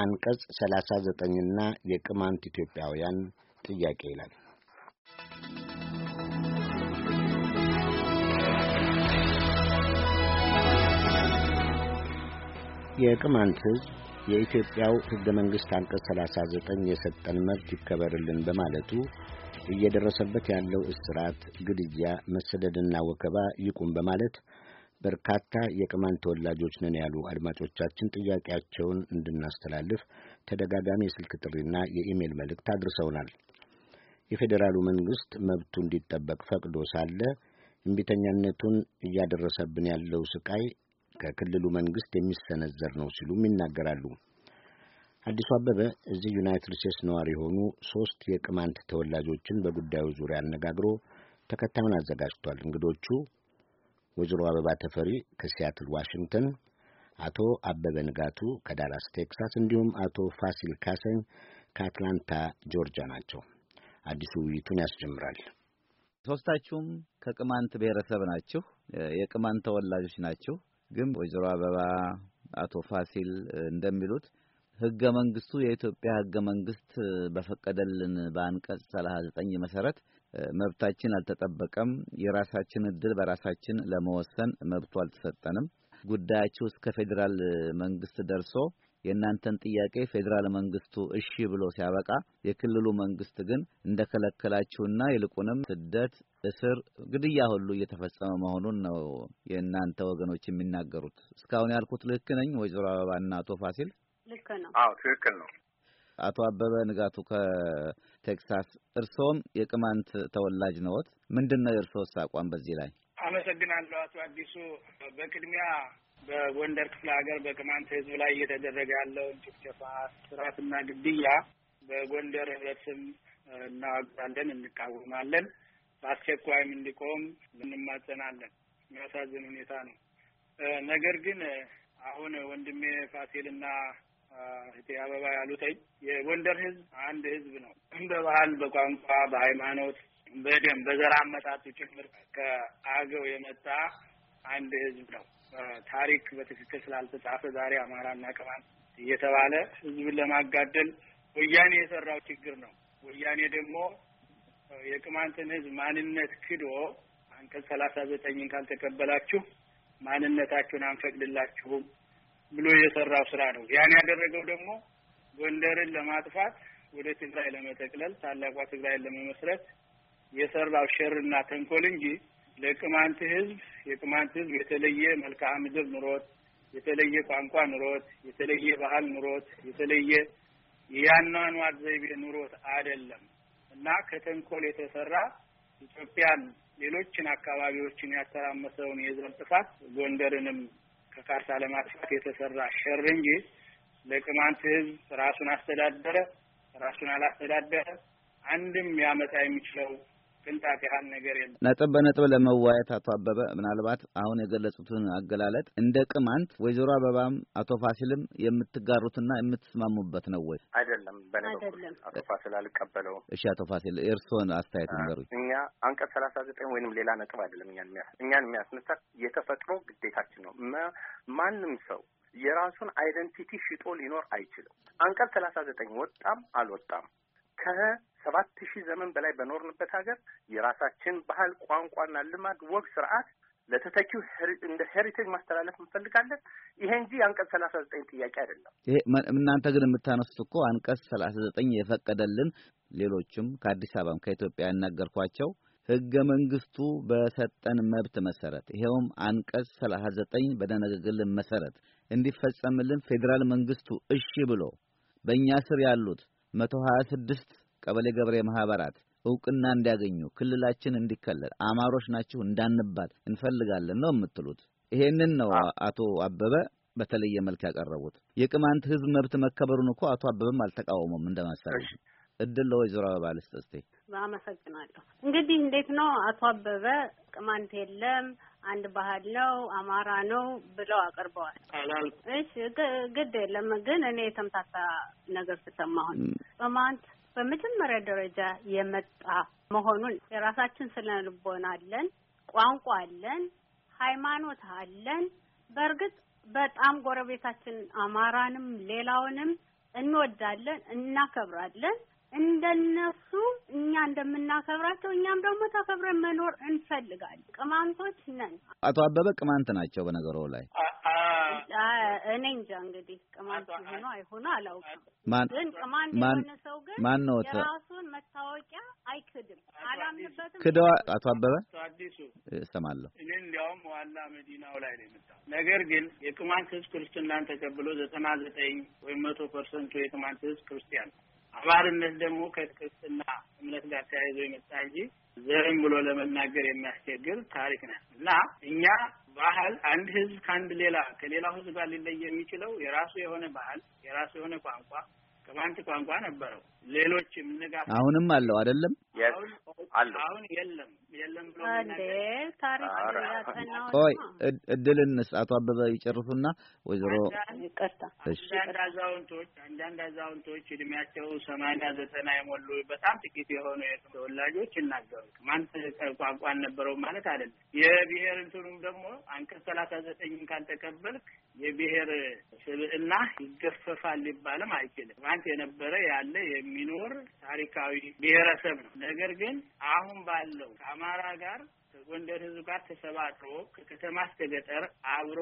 አንቀጽ 39ና የቅማንት ኢትዮጵያውያን ጥያቄ ይላል። የቅማንት ሕዝብ የኢትዮጵያው ሕገ መንግሥት አንቀጽ 39 የሰጠን መብት ይከበርልን በማለቱ እየደረሰበት ያለው እስራት፣ ግድያ፣ መሰደድና ወከባ ይቁም በማለት በርካታ የቅማንት ተወላጆች ነን ያሉ አድማጮቻችን ጥያቄያቸውን እንድናስተላልፍ ተደጋጋሚ የስልክ ጥሪና የኢሜይል መልእክት አድርሰውናል። የፌዴራሉ መንግስት መብቱ እንዲጠበቅ ፈቅዶ ሳለ እምቢተኛነቱን እያደረሰብን ያለው ስቃይ ከክልሉ መንግስት የሚሰነዘር ነው ሲሉም ይናገራሉ። አዲሱ አበበ እዚህ ዩናይትድ ስቴትስ ነዋሪ የሆኑ ሶስት የቅማንት ተወላጆችን በጉዳዩ ዙሪያ አነጋግሮ ተከታዩን አዘጋጅቷል። እንግዶቹ ወይዘሮ አበባ ተፈሪ ከሲያትል ዋሽንግተን፣ አቶ አበበ ንጋቱ ከዳላስ ቴክሳስ እንዲሁም አቶ ፋሲል ካሰኝ ከአትላንታ ጆርጂያ ናቸው። አዲሱ ውይይቱን ያስጀምራል። ሶስታችሁም ከቅማንት ብሔረሰብ ናችሁ፣ የቅማንት ተወላጆች ናችሁ። ግን ወይዘሮ አበባ አቶ ፋሲል እንደሚሉት ህገ መንግስቱ የኢትዮጵያ ህገ መንግስት በፈቀደልን በአንቀጽ ሰላሳ ዘጠኝ መሰረት መብታችን አልተጠበቀም፣ የራሳችን እድል በራሳችን ለመወሰን መብቱ አልተሰጠንም፣ ጉዳያችሁ እስከ ፌዴራል መንግስት ደርሶ የእናንተን ጥያቄ ፌዴራል መንግስቱ እሺ ብሎ ሲያበቃ የክልሉ መንግስት ግን እንደከለከላችሁና ይልቁንም ስደት፣ እስር፣ ግድያ ሁሉ እየተፈጸመ መሆኑን ነው የእናንተ ወገኖች የሚናገሩት። እስካሁን ያልኩት ልክ ነኝ? ወይዘሮ አበባ አቶ ፋሲል ልክ ነው? አዎ ትክክል ነው። አቶ አበበ ንጋቱ ከቴክሳስ፣ እርስዎም የቅማንት ተወላጅ ነዎት። ምንድን ነው የእርስዎስ አቋም በዚህ ላይ? አመሰግናለሁ አቶ አዲሱ። በቅድሚያ በጎንደር ክፍለ ሀገር በቅማንት ህዝብ ላይ እየተደረገ ያለውን ጭፍጨፋ፣ ስርዓትና ግድያ በጎንደር ህብረትስም ስም እናወግዛለን፣ እንቃወማለን። በአስቸኳይም እንዲቆም እንማጸናለን። የሚያሳዝን ሁኔታ ነው። ነገር ግን አሁን ወንድሜ ፋሲልና እቴ አበባ ያሉተኝ የጎንደር ህዝብ አንድ ህዝብ ነው። በባህል፣ በቋንቋ፣ በሃይማኖት፣ በደም በዘር አመጣቱ ጭምር ከአገው የመጣ አንድ ህዝብ ነው። ታሪክ በትክክል ስላልተጻፈ ዛሬ አማራና ቅማንት እየተባለ ህዝብን ለማጋደል ወያኔ የሰራው ችግር ነው። ወያኔ ደግሞ የቅማንትን ህዝብ ማንነት ክዶ አንቀጽ ሰላሳ ዘጠኝን ካልተቀበላችሁ ማንነታችሁን አንፈቅድላችሁም ብሎ የሰራው ስራ ነው። ያን ያደረገው ደግሞ ጎንደርን ለማጥፋት ወደ ትግራይ ለመጠቅለል ታላቋ ትግራይን ለመመስረት የሰራው ሸርና ተንኮል እንጂ ለቅማንት ህዝብ የቅማንት ህዝብ የተለየ መልክዓ ምድር ኑሮት የተለየ ቋንቋ ኑሮት የተለየ ባህል ኑሮት የተለየ የአኗኗር ዘይቤ ኑሮት አይደለም እና ከተንኮል የተሰራ ኢትዮጵያን ሌሎችን አካባቢዎችን ያተራመሰውን የዘር ጥፋት ጎንደርንም ከካርታ ለማጥፋት የተሰራ ሸር እንጂ ለቅማንት ህዝብ ራሱን አስተዳደረ ራሱን አላስተዳደረ አንድም ያመጣ የሚችለው ቅንጣት ያህል ነገር የለም። ነጥብ በነጥብ ለመዋየት አቶ አበበ ምናልባት አሁን የገለጹትን አገላለጥ እንደ ቅማንት ወይዘሮ አበባም አቶ ፋሲልም የምትጋሩትና የምትስማሙበት ነው ወይ? አይደለም። በኔ በኩል አቶ ፋሲል አልቀበለውም። እሺ፣ አቶ ፋሲል እርስዎን አስተያየት ነገሩ። እኛ አንቀጽ ሰላሳ ዘጠኝ ወይንም ሌላ ነጥብ አይደለም እኛን የሚያስ እኛን የሚያስነሳት የተፈጥሮ ግዴታችን ነው። ማንም ሰው የራሱን አይደንቲቲ ሽጦ ሊኖር አይችልም። አንቀጽ ሰላሳ ዘጠኝ ወጣም አልወጣም ከ ሰባት ሺህ ዘመን በላይ በኖርንበት ሀገር የራሳችን ባህል፣ ቋንቋና ልማድ፣ ወግ፣ ስርዓት ለተተኪው እንደ ሄሪቴጅ ማስተላለፍ እንፈልጋለን። ይሄ እንጂ አንቀጽ ሰላሳ ዘጠኝ ጥያቄ አይደለም። ይሄ እናንተ ግን የምታነሱት እኮ አንቀጽ ሰላሳ ዘጠኝ የፈቀደልን ሌሎችም ከአዲስ አበባም ከኢትዮጵያ ያናገርኳቸው ህገ መንግስቱ በሰጠን መብት መሰረት ይኸውም አንቀጽ ሰላሳ ዘጠኝ በደነገገልን መሰረት እንዲፈጸምልን ፌዴራል መንግስቱ እሺ ብሎ በእኛ ስር ያሉት መቶ ሀያ ስድስት ቀበሌ ገበሬ ማህበራት እውቅና እንዲያገኙ ክልላችን እንዲከለል አማሮች ናችሁ እንዳንባል እንፈልጋለን ነው የምትሉት። ይሄንን ነው አቶ አበበ በተለየ መልክ ያቀረቡት። የቅማንት ህዝብ መብት መከበሩን እኮ አቶ አበበም አልተቃወሙም እንደማሳለ እድል ለወይዘሮ አበባ ልስጥ እስቲ። አመሰግናለሁ። እንግዲህ እንዴት ነው አቶ አበበ ቅማንት የለም አንድ ባህል ነው አማራ ነው ብለው አቅርበዋል። እሺ ግድ የለም ግን እኔ የተምታታ ነገር ስሰማሁን ቅማንት በመጀመሪያ ደረጃ የመጣ መሆኑን የራሳችን ስነ ልቦና አለን፣ ቋንቋ አለን፣ ሃይማኖት አለን። በእርግጥ በጣም ጎረቤታችን አማራንም ሌላውንም እንወዳለን፣ እናከብራለን። እንደነሱ እኛ እንደምናከብራቸው እኛም ደግሞ ተከብረን መኖር እንፈልጋለን። ቅማንቶች ነን። አቶ አበበ ቅማንት ናቸው። በነገሮ ላይ እኔ እንጃ እንግዲህ ቅማንት ሆኖ አይሆኑ አላውቅም፣ ግን ቅማንት የሆነ ማን ነው የራሱን መታወቂያ አይክድም። አላምንበትም። ክደዋ አቶ አበበ አዲሱ እሰማለሁ። እኔ እንዲያውም ዋላ መዲናው ላይ ነው የምጣ ነገር ግን የቅማንት ህዝብ ክርስትናን ተቀብሎ ዘጠና ዘጠኝ ወይም መቶ ፐርሰንቱ የቅማንት ህዝብ ክርስቲያን አማርነት ደግሞ ከክርስትና እምነት ጋር ተያይዞ የመጣ እንጂ ዘርም ብሎ ለመናገር የሚያስቸግር ታሪክ ነው እና እኛ ባህል አንድ ህዝብ ከአንድ ሌላ ከሌላው ህዝብ ጋር ሊለይ የሚችለው የራሱ የሆነ ባህል፣ የራሱ የሆነ ቋንቋ ቅማንት ቋንቋ ነበረው። ሌሎችም ንጋት አሁንም አለው አይደለም አለው አሁን የለም የለም ብሎ እንዴ ታሪክ ያተናው ቆይ እድልን አቶ አበበ ይጨርሱና ወይዘሮ ይቅርታ አንዳንድ አዛውንቶች አንዳንድ አዛውንቶች እድሜያቸው ሰማንያ ዘጠና የሞሉ በጣም ጥቂት የሆኑ ተወላጆች ይናገሩ ማን ቋንቋን ነበረው ማለት አይደለም የብሔር እንትኑም ደግሞ አንቀጽ ሰላሳ ዘጠኝን ካልተቀበልክ የብሔር ስብዕና ይገፈፋል ሊባልም አይችልም አንተ የነበረ ያለ የሚኖር ታሪካዊ ብሔረሰብ ነው። ነገር ግን አሁን ባለው ከአማራ ጋር ከጎንደር ህዝብ ጋር ተሰባጥሮ ከከተማ እስከ ገጠር አብሮ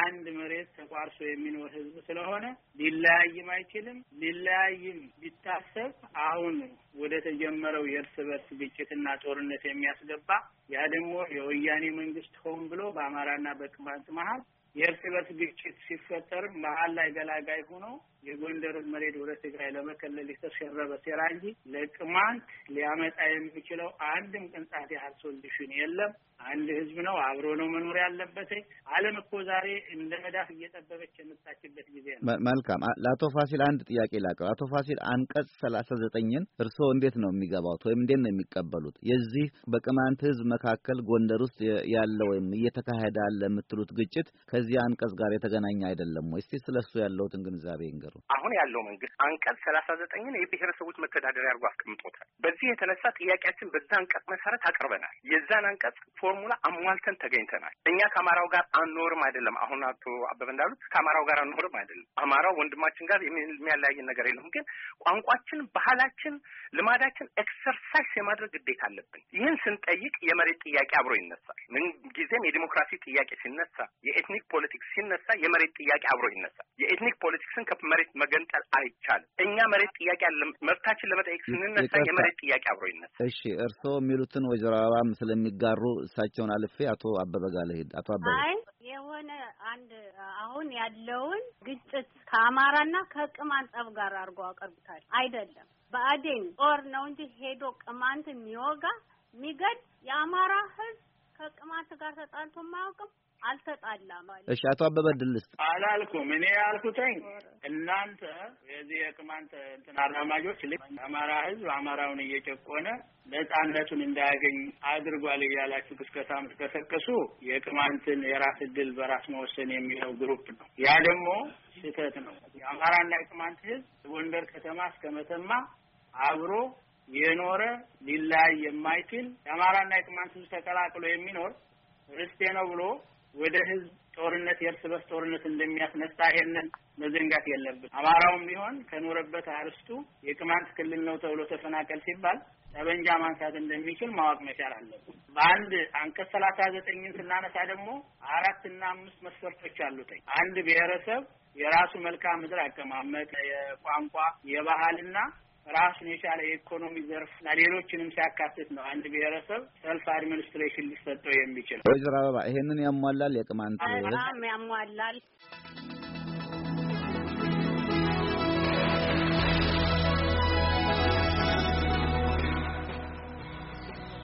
አንድ መሬት ተቋርሶ የሚኖር ህዝብ ስለሆነ ሊለያይም አይችልም። ሊለያይም ቢታሰብ አሁን ወደ ተጀመረው የእርስ በርስ ግጭትና ጦርነት የሚያስገባ ያ ደግሞ የወያኔ መንግስት ሆን ብሎ በአማራና በቅማንት መሀል የእርስ በርስ ግጭት ሲፈጠር መሀል ላይ ገላጋይ ሆኖ የጎንደርን መሬት ወደ ትግራይ ለመከለል የተሸረበ ሴራ እንጂ ለቅማንት ሊያመጣ የሚችለው አንድም ቅንጣት ያህል ሶሉሽን የለም። አንድ ህዝብ ነው፣ አብሮ ነው መኖር ያለበት። ዓለም እኮ ዛሬ እንደ መዳፍ እየጠበበች የምታችበት ጊዜ ነው። መልካም። ለአቶ ፋሲል አንድ ጥያቄ ላቀው። አቶ ፋሲል አንቀጽ ሰላሳ ዘጠኝን እርስዎ እንዴት ነው የሚገባውት ወይም እንዴት ነው የሚቀበሉት? የዚህ በቅማንት ህዝብ መካከል ጎንደር ውስጥ ያለ ወይም እየተካሄደ አለ የምትሉት ግጭት ከዚህ አንቀጽ ጋር የተገናኘ አይደለም ወይ? እስቲ ስለሱ ያለውትን ግንዛቤ ይንገሩ። አሁን ያለው መንግስት አንቀጽ ሰላሳ ዘጠኝን የብሔረሰቦች መተዳደሪያ አድርጎ አስቀምጦታል። በዚህ የተነሳ ጥያቄያችን በዛ አንቀጽ መሰረት አቅርበናል። የዛን አንቀጽ ፎርሙላ አሟልተን ተገኝተናል። እኛ ከአማራው ጋር አንኖርም አይደለም። አሁን አቶ አበበ እንዳሉት ከአማራው ጋር አንኖርም አይደለም። አማራው ወንድማችን ጋር የሚያለያየን ነገር የለም። ግን ቋንቋችን፣ ባህላችን፣ ልማዳችን ኤክሰርሳይዝ የማድረግ ግዴታ አለብን። ይህን ስንጠይቅ የመሬት ጥያቄ አብሮ ይነሳል። ምንጊዜም የዲሞክራሲ ጥያቄ ሲነሳ፣ የኤትኒክ ፖለቲክስ ሲነሳ፣ የመሬት ጥያቄ አብሮ ይነሳል። የኤትኒክ ፖለቲክስን ከመሬት መገንጠል አይቻልም። እኛ መሬት ጥያቄ መብታችን ለመጠየቅ ስንነሳ፣ የመሬት ጥያቄ አብሮ ይነሳል። እሺ እርስዎ የሚሉትን ወይዘሮ አበባም ስለሚጋሩ እሳቸውን አልፌ አቶ አበበ ጋር ልሄድ። አቶ አበበ የሆነ አንድ አሁን ያለውን ግጭት ከአማራና ከቅማንት ጸብ ጋር አድርጎ አቀርቡታል። አይደለም በአዴን ጦር ነው እንጂ ሄዶ ቅማንት የሚወጋ የሚገድ የአማራ ህዝብ ከቅማንት ጋር ተጣልቶ የማያውቅም። አልተጣላም። እሺ፣ አቶ አበበ ድልስ አላልኩም። እኔ ያልኩትኝ እናንተ የዚህ የቅማንት እንትን አራማጆች ልክ አማራ ህዝብ አማራውን እየጨቆነ ነጻነቱን እንዳያገኝ አድርጓል እያላችሁ ቅስቀሳ ምትቀሰቀሱ የቅማንትን የራስ እድል በራስ መወሰን የሚለው ግሩፕ ነው። ያ ደግሞ ስህተት ነው። የአማራና የቅማንት ህዝብ ጎንደር ከተማ እስከ መተማ አብሮ የኖረ ሊላይ የማይችል የአማራና የቅማንት ህዝብ ተቀላቅሎ የሚኖር ርስቴ ነው ብሎ ወደ ህዝብ ጦርነት የእርስ በርስ ጦርነት እንደሚያስነሳ ይሄንን መዘንጋት የለብን። አማራውም ቢሆን ከኖረበት አርስቱ የቅማንት ክልል ነው ተብሎ ተፈናቀል ሲባል ጠበንጃ ማንሳት እንደሚችል ማወቅ መቻል አለብን። በአንድ አንቀጽ ሰላሳ ዘጠኝን ስናነሳ ደግሞ አራት እና አምስት መስፈርቶች አሉተኝ አንድ ብሔረሰብ የራሱ መልክዓ ምድር አቀማመጥ፣ የቋንቋ፣ የባህልና ራሱን የቻለ የኢኮኖሚ ዘርፍ እና ሌሎችንም ሲያካትት ነው አንድ ብሔረሰብ ሰልፍ አድሚኒስትሬሽን ሊሰጠው የሚችል። ወይዘሮ አበባ ይሄንን ያሟላል፣ የቅማንት ያሟላል።